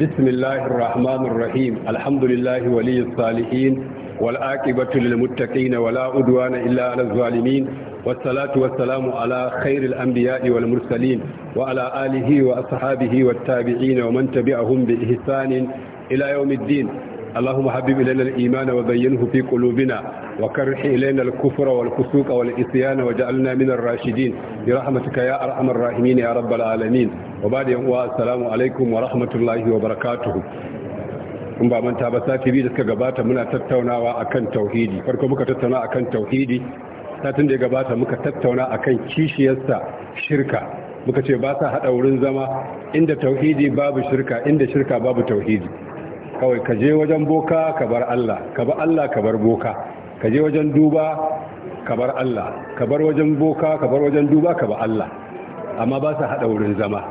بسم الله الرحمن الرحيم الحمد لله ولي الصالحين والآكبة للمتقين ولا أدوان إلا على الظالمين والصلاة والسلام على خير الأنبياء والمرسلين وعلى آله وأصحابه والتابعين ومن تبعهم بإحسان إلى يوم الدين اللهم حبب إلينا الإيمان وبينه في قلوبنا وكره إلينا الكفر والفسوق والإسيان وجعلنا من الراشدين برحمتك يا أرحم الراحمين يا رب العالمين وبعد يوم السلام عليكم ورحمة الله وبركاته in ba manta ba sati biyu da suka gabata muna tattaunawa akan tauhidi farko muka tattauna akan tauhidi satin da ya gabata muka tattauna akan kishiyarsa shirka muka ce ba sa hada wurin zama inda tauhidi babu shirka inda shirka babu tauhidi kawai ka je wajen boka ka bar Allah ka bar Allah ka bar boka ka je wajen duba ka bar Allah ka bar wajen boka ka bar wajen duba ka bar Allah amma ba su hada wurin zama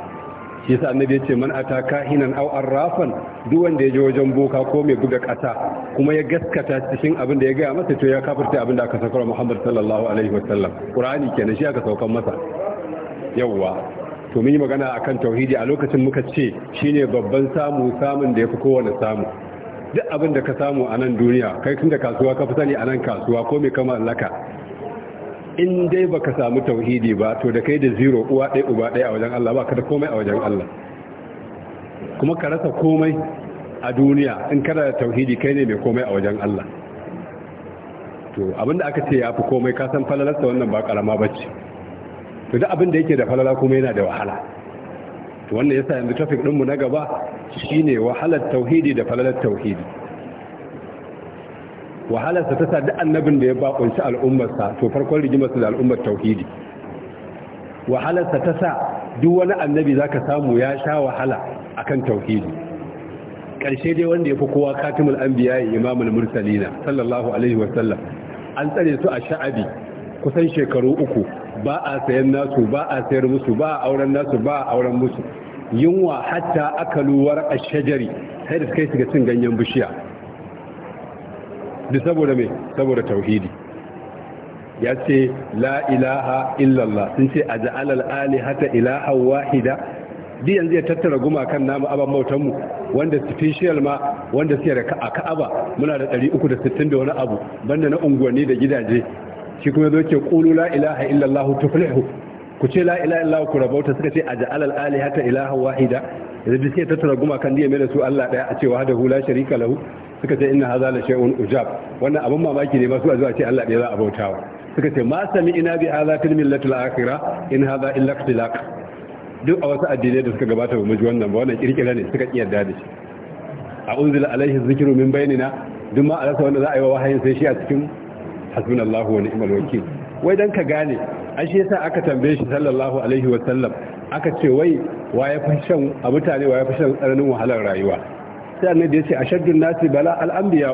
shi yasa annabi ya ce man ataka hinan aw arrafan duk wanda ya je wajen boka ko mai buga ƙasa kuma ya gaskata cikin abin da ya gaya masa to ya kafirta abin da aka saukar Muhammad sallallahu alaihi wasallam Qur'ani kenan shi aka saukar masa yawwa to mun yi magana akan tauhidi a lokacin muka ce shine babban samu samun da yafi kowane samu duk abin da ka samu a nan duniya kai tun da kasuwa ka fi sani a nan kasuwa ko me kama allaka in dai baka samu tauhidi ba to da kai da zero uwa ɗaya uba ɗaya a wajen Allah ba ka da komai a wajen Allah kuma ka rasa komai a duniya in kana da tauhidi kai ne mai komai a wajen Allah to abinda aka ce ya fi komai ka san falalarsa wannan ba karama bace to duk abin da yake da falala kuma yana da wahala to wannan yasa yanzu topic ɗinmu na gaba shine wahalar tauhidi da falalar tauhidi wahalarsa ta sa duk annabin da ya bakunci al'ummarsa to farkon rigimarsa da al'ummar tauhidi wahalarsa ta sa duk wani annabi za ka samu ya sha wahala a kan tauhidi Karshe dai wanda ya fi kowa katimul an biya imamul mursalina sallallahu alaihi wa sallam an tsare su a sha'abi kusan shekaru uku ba a sayan nasu ba a sayar musu ba a auren nasu ba a auren musu yunwa hatta akalu a shajari sai da suka yi cin ganyen bishiya da saboda me saboda tauhidi ya ce la ilaha illallah sun ce a ja'alal hata ilaha wahida di yanzu ya tattara kan namu aban bautan mu wanda special ma wanda suke da a Ka'aba muna da 360 da wani abu banda na unguwanni da gidaje shi kuma zo ke qulu la ilaha illallah tuflihu ku ce la ilaha illallah ku rabauta suka ce aj'al al alihata ilaha wahida da duk sai tattara gumakan diya mai da su Allah daya a ce wahdahu la sharika lahu suka ce inna hadha la shay'un ujab wannan abun mamaki ne ba su zuwa ce Allah daya za a bautawa suka ce ma sami'ina bi hadha fil millati al akhirah in hadha illa ikhtilaq duk a wasu addinai da suka gabata ba mu ji wannan ba wannan kirkira ne suka kiyarda da shi a unzila alaihi dhikru min bainina duk ma a rasa wanda za a yi wa wahayin sai shi a cikin Allah wa ni'mal wakil wai dan ka gane ashe yasa aka tambaye shi sallallahu alaihi wa sallam aka ce wai waye fi shan a mutane ya fi shan tsananin wahalar rayuwa sai annabi ya ce ashaddun nasi bala al anbiya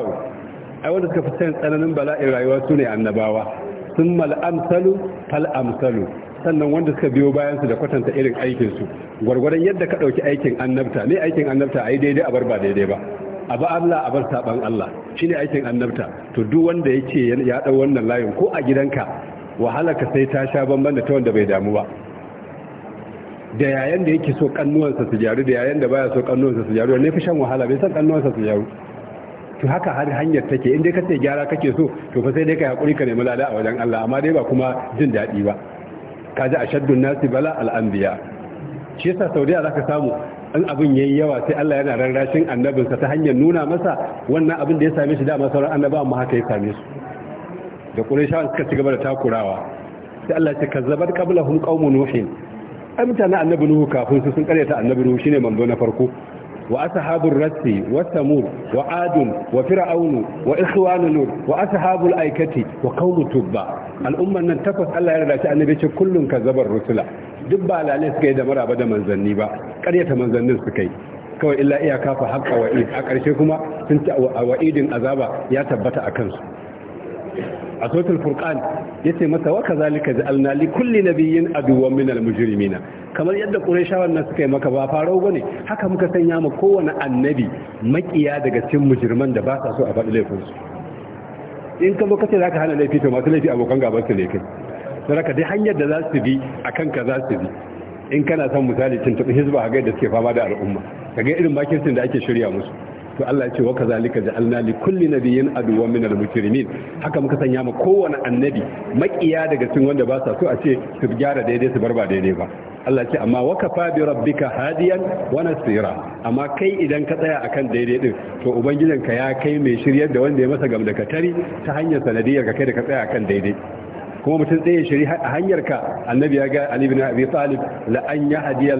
ai wanda suka fi shan tsananin bala'in rayuwa sune annabawa summal amsalu fal amsalu sannan wanda suka biyo bayan su da kwatanta irin aikin su yadda ka dauki aikin annabta ne aikin annabta ai daidai a bar ba daidai ba a ba Allah a bar saban Allah ne aikin annabta to duk wanda yake ya dau wannan layin ko a gidanka wahala ka sai ta sha bamban da ta wanda bai damu ba da yayan da yake so kannuwansa su jaru da yayan da baya so kannuwansa su jaru ne fi shan wahala bai san kannuwansa su jaru to haka har hanyar take in dai ka ce gyara kake so to fa sai dai ka hakuri ka nemi lada a wajen Allah amma dai ba kuma jin daɗi ba kaji ashaddu nasi bala al-anbiya shi yasa saudiya zaka samu in abin ya yi yawa sai Allah yana rarrashin annabinsa ta hanyar nuna masa wannan abin da ya same shi dama sauran annabawan ma haka ya same su da shawar suka ci gaba da takurawa sai Allah ya kazzabat qablahum qaumun nuhin amtana annabi nuhu kafin su sun karyata annabi nuhu shine manzo na farko وأصحاب الرس والثمود وعاد وفرعون وإخوان نور وأصحاب الأيكة وقوم تبع الأمة أن تفس الله يرضى شأن بيش كل كذب الرسل دبا لا ليس كيدا مرة بدا منزلني با قرية منزلني سكي kawai illa iyaka fa haƙa wa'id a ƙarshe kuma sun ta wa'idin azaba ya tabbata a kansu a furkan ya ce masa wa zalika ji li kulli nabiyyin aduwwan min al-mujrimina kamar yadda qurayshawan nan suka yi maka ba farau bane haka muka sanya ma kowane annabi makiya daga cikin mujriman da ba sa so a faɗi laifin su in ka zo kace zaka hana laifi to masu laifi abokan gaban su ne kai ka dai hanyar da za su bi akan ka za su bi in kana son misali cin tabi hizba ga yadda suke fama da al'umma ka ga irin makircin da ake shirya musu to Allah ya ce wa kazalika ja'alna li kulli nabiyyin aduwwan min al-mujrimin haka muka sanya ma kowane annabi makiya daga cikin wanda ba sa so a ce su gyara daidai su ba daidai ba Allah ce amma waka bi rabbika hadiyan wa nasira amma kai idan ka tsaya akan daidai din to ubangijinka ya kai mai shiryar da wanda ya masa gamdakatari ta hanyar sanadiyar ka kai da ka tsaya akan daidai kuma mutum tsaye shiri hanyar ka annabi ya ga ali ibn abi talib la an yahdi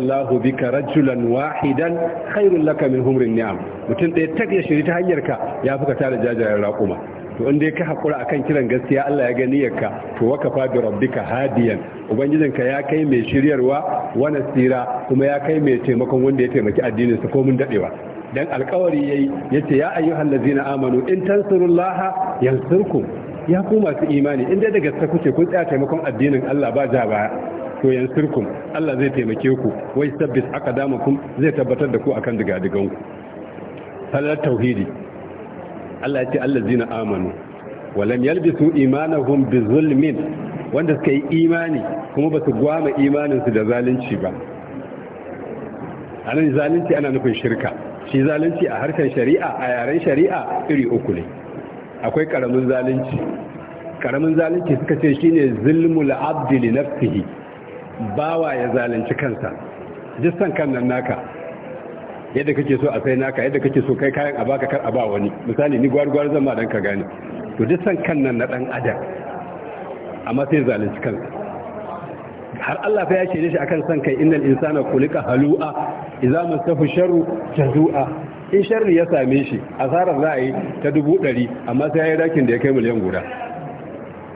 bi ka rajulan wahidan khairun laka min humrin ni'am mutum tsaye tak ya shiri ta hanyar ka ya fuka tare jajayen raƙuma to in dai ka haƙura akan kiran gaskiya Allah ya gani ka to waka fa bi rabbika hadiyan ubangijinka ya kai mai shiryarwa wa nasira kuma ya kai mai taimakon wanda ya taimaki addinin sa ko mun dadewa dan alƙawari yayi yace ya ladzina amanu in tansurullaha yansurkum ya ku masu imani inda da gaske kuke kun tsaya taimakon addinin Allah ba ja ba to yansurkum Allah zai taimake ku wai sabbis aqdamakum zai tabbatar da ku akan diga-digan ku salat tauhidi Allah ya ce allazina amanu walam yalbisu imanahum zulmin wanda suka yi imani kuma ba su gwama imaninsu da zalunci ba anan zalunci ana nufin shirka shi zalunci a harkar shari'a a yaren shari'a iri uku ne akwai karamin zalunci karamin zalunci suka ce shine zulmul abdi li nafsihi bawa ya zalunci kansa jissan kan nan naka yadda kake so a sai naka yadda kake so kai kayan a baka kar a ba wani misali ni gwargwar zama dan ka gane to jissan kan nan na dan adam amma sai zalunci kansa har Allah fa ya ce shi akan san kai innal insana khuliqa halu'a idza masahu sharru jazua in sharri ya same shi asarar za a yi ta dubu ɗari amma sai ya yi dakin da ya kai miliyan guda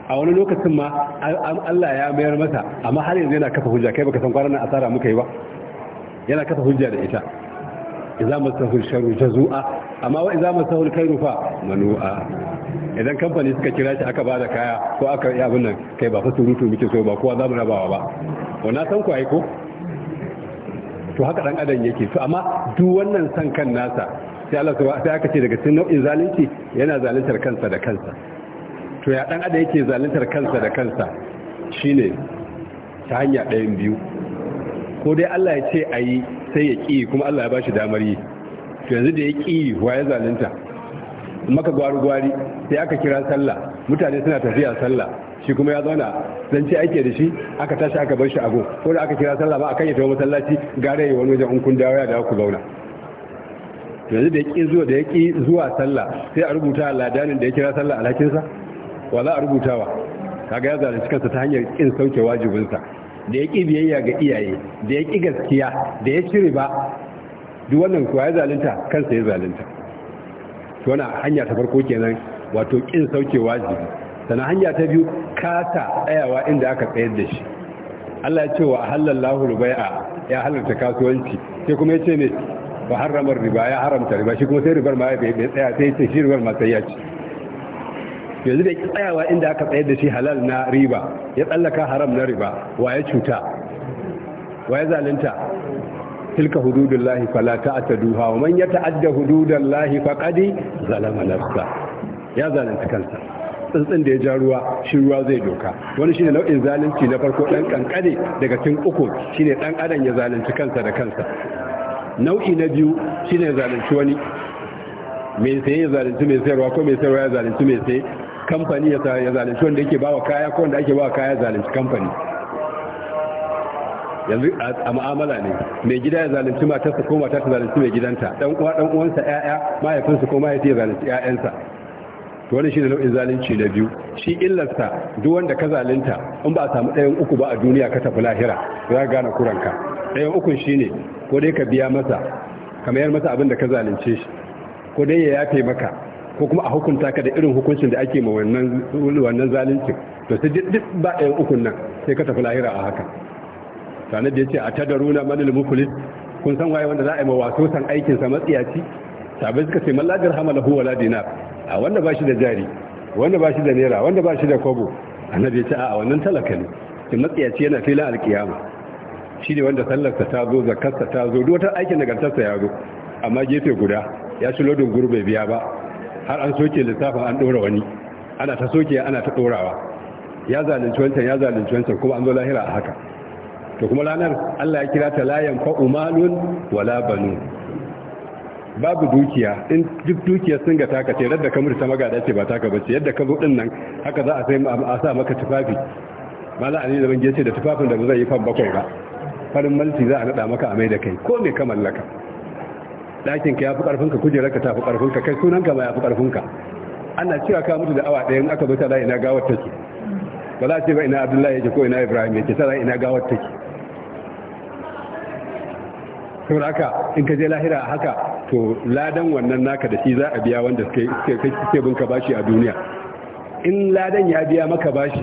a wani lokacin ma Allah ya mayar masa amma har yanzu yana kafa hujja kai baka san kwanan asara muka yi ba yana kafa hujja da ita idza masahu sharru jazua amma wa idza masahu alkhairu fa manua idan kamfani suka kira shi aka bada kaya ko aka yi abin nan kai ba fa surutu muke so ba kowa za mu rabawa ba wannan san ku ai ko to haka dan adam yake to amma duk wannan san kan nasa sai Allah sai aka ce daga cikin nau'in zalunci yana zaluntar kansa da kansa to ya dan adam yake zaluntar kansa da kansa shine ta hanya ɗayan biyu ko dai Allah ya ce ayi sai ya ki kuma Allah ya bashi damar yi to yanzu da ya ki wa ya zalunta maka gwari gwari sai aka kira sallah mutane suna tafiya sallah shi kuma ya zauna ce ake da shi aka tashi aka bar shi ago ko da aka kira sallah ba akan ya tafi masallaci gare ya wani wajen in kun dawo ya dawo ku zauna yanzu da yaki zuwa da yaki zuwa sallah sai a rubuta ladanin da ya kira sallah alhakinsa wa za a rubutawa kaga ya da kansa ta hanyar kin sauke wajibinsa da ya ƙi biyayya ga iyaye da ya ƙi gaskiya da ya cire ba duk wannan kuwa ya zalunta kansa ya zalunta to wannan hanya ta farko kenan wato ƙin sauke wajibi sannan hanya ta biyu kasa tsayawa inda aka tsayar da shi Allah ya ce wa halallahu rubai'a ya halarta kasuwanci sai kuma ya ce ne ba haramar riba ya haramta riba shi kuma sai ribar ma ya tsaya sai ce shi ribar ma sai ya ci yanzu da tsayawa inda aka tsayar da shi halal na riba ya tsallaka haram na riba wa ya cuta wa ya zalunta tilka lahi fala duha wa man yata'adda hududallahi faqad zalama nafsa ya zalunta kansa tsuntsun da ya ja ruwa shi ruwa zai doka wani shine nau'in zalunci na farko dan kankane daga cikin uku shine dan adam ya zalunci kansa da kansa nau'i na biyu shine zalunci wani mai sai ya zalunci mai sayarwa ko mai sayarwa ya zalunci mai sai kamfani ya zalunci wanda yake bawa kaya ko wanda ake bawa kaya zalunci kamfani yanzu a mu'amala ne mai gida ya zalunci matarsa ko matarsa zalunci mai gidanta dan uwa dan uwansa ƴaƴa mahaifinsa ko mahaifi zalunci ƴaƴansa to shi da nau'in zalunci na biyu shi illarsa duk wanda ka zalunta in ba a samu ɗayan uku ba a duniya ka tafi lahira za ka gane kuranka ɗayan ukun ne ko dai ka biya masa ka mayar masa abin da ka zalunce shi ko dai ya yafe maka ko kuma a hukunta ka da irin hukuncin da ake ma wannan zalunci zaluncin to sai duk ba ɗayan ukun nan sai ka tafi lahira a haka sanar da ya ce a tadaruna manil mukulis kun san waye wanda za a yi ma wato san aikinsa matsiyaci sabai suka ce mallajar hamala huwa la dinar a wanda ba shi da jari wanda ba shi da naira wanda ba shi da kwabo annabi ya ce a wannan talaka ne ki matsiyaci yana filin alkiyama shi ne wanda sallarsa ta zo zakarsa ta zo duk wata aikin nagartarsa ya zo amma gefe guda ya shi lodin gurbe biya ba har an soke lissafin an ɗora wani ana ta soke ana ta ɗorawa ya zalunci wancan ya zalunci wancan kuma an zo lahira a haka to kuma ranar Allah ya kira ta layan fa'u malun wala banun babu dukiya in duk dukiya sun ga taka ce radda ka mutu ta magada ce ba taka bace yadda ka zo din nan haka za a sai a sa maka tufafi mallan ali da ban ce da tufafin da zai yi fan bakwai ba farin malti za a nada maka a mai da kai ko me ka mallaka dakin ka yafi karfin ka kujerar ka tafi karfin ka kai sunan ka ma yafi karfin ka ana cewa ka mutu da awa ɗaya in aka bata da ina gawar take ba za a ce ba ina abdullahi yake ko ina ibrahim yake tana ina gawar take saboda haka in ka je lahira haka to ladan wannan naka da shi za a biya wanda suke bin ka bashi a duniya in ladan ya biya maka bashi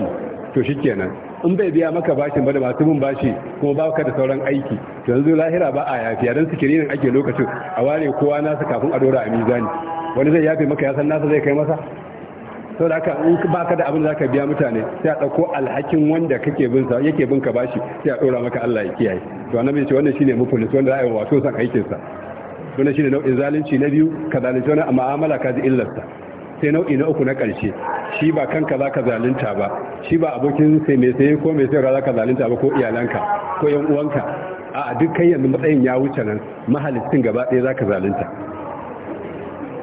to shi kenan in bai biya maka bashin ba da masu bin bashi kuma ba ka da sauran aiki to yanzu lahira ba a yafiya don sikirinin ake lokacin a ware kowa nasa kafin a dora a mizani wani zai yafe maka ya san nasa zai kai masa sau da haka in ba ka da abin da za ka biya mutane sai a ɗauko alhakin wanda kake bin sa yake bin ka bashi sai a ɗora maka Allah ya kiyaye to annabi ce wannan shine mufulis wanda za a yi wato san aikinsa wannan shine nau'in zalunci na biyu ka zalunci wani amma mu'amala ka ji illarsa sai nau'i na uku na ƙarshe shi ba kanka za ka zalunta ba shi ba abokin sai mai sai ko mai sayarwa za ka zalunta ba ko iyalanka ko yan uwanka a dukkan yanzu matsayin ya wuce nan mahalicin gaba ɗaya za ka zalunta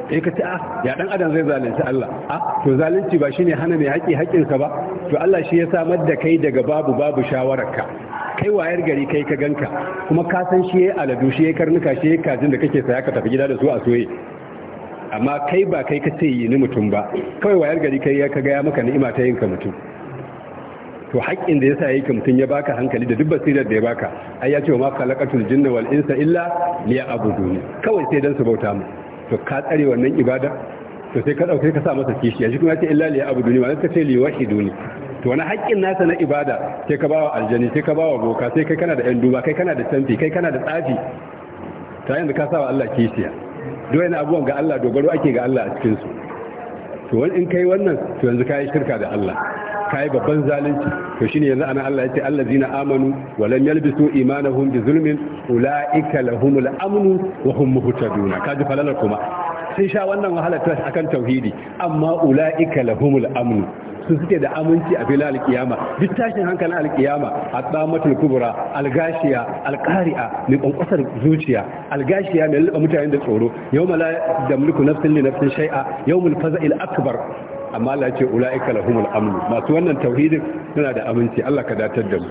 sai ka ce ah, ya dan adam zai zalunci Allah a ah, to zalunci ba shine hana mai haƙi haƙinsa ba to Allah shi ya samar da kai daga babu babu shawararka kai wayar gari kai ka ganka kuma ka san shi ya aladu shi ya karnuka shi ya kajin da kake saya ka tafi gida da su a soye amma kai ba kai ka ce yi ni mutum ba kawai wayar gari kai ya kaga ya maka ni'ima ta yinka mutum to haƙƙin da ya yi yake mutum ya baka hankali da duk basirar da ya baka ai ya ce wa ma khalaqatul jinna wal insa illa liya'buduni kawai sai dan su bauta mu to ka tsare wannan ibada to sai ka dauke ka sa masa kishiya shi kuma ya ce illa ni ma sai ka ce wahiduni to wani haƙƙin nasa na ibada sai ka bawa aljani sai ka bawa boka sai kai kana da yan duba kai kana da canfi kai kana da tsafi ta yanzu ka sawa Allah kishiya duk wani abubuwan ga Allah dogaro ake ga Allah a cikin su to wani in kai wannan to yanzu yi shirka da Allah yi babban zalunci to shine yanzu ana Allah yace allazina amanu wa lam yalbisu imanahum bi zulmin ulaika lahumul amnu wa hum muhtaduna kaji falalar kuma sun sha wannan wahala ta akan tauhidi amma ulaika lahumul amnu su suke da aminci a filin alkiyama duk tashin hankalin alkiyama a tsamatul kubura algashiya alkari'a mai kwankwasar zuciya algashiya mai lulluɓa mutane da tsoro yau mala da mulku nafsin ne nafsin shai'a yau mul il akbar amma Allah ce ula'ika lahumul amnu masu wannan tauhidin suna da aminci Allah ka datar da mu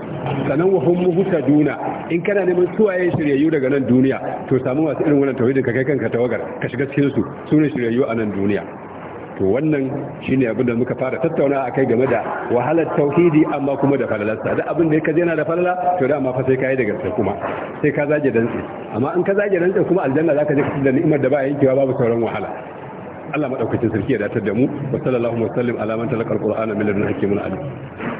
sanan wa hum muhtaduna in kana neman suwaye shiryayyu daga nan duniya to samu masu irin wannan tauhidin ka kai kanka tawagar ka shiga cikin su su ne shiryayyu a nan duniya to wannan shine abin da muka fara tattauna akai game da wahalar tauhidi amma kuma da falalarsa da abin da kaje yana da falala to da amma fa sai kai da gaske kuma sai ka zage dantse amma in ka zage dantse kuma aljanna zaka je ka da ni'imar da ba yankewa babu sauran wahala Allah madaukakin sarki ya datar da mu wa sallallahu alaihi wa sallam ala man talaqa alqur'ana min ladun alim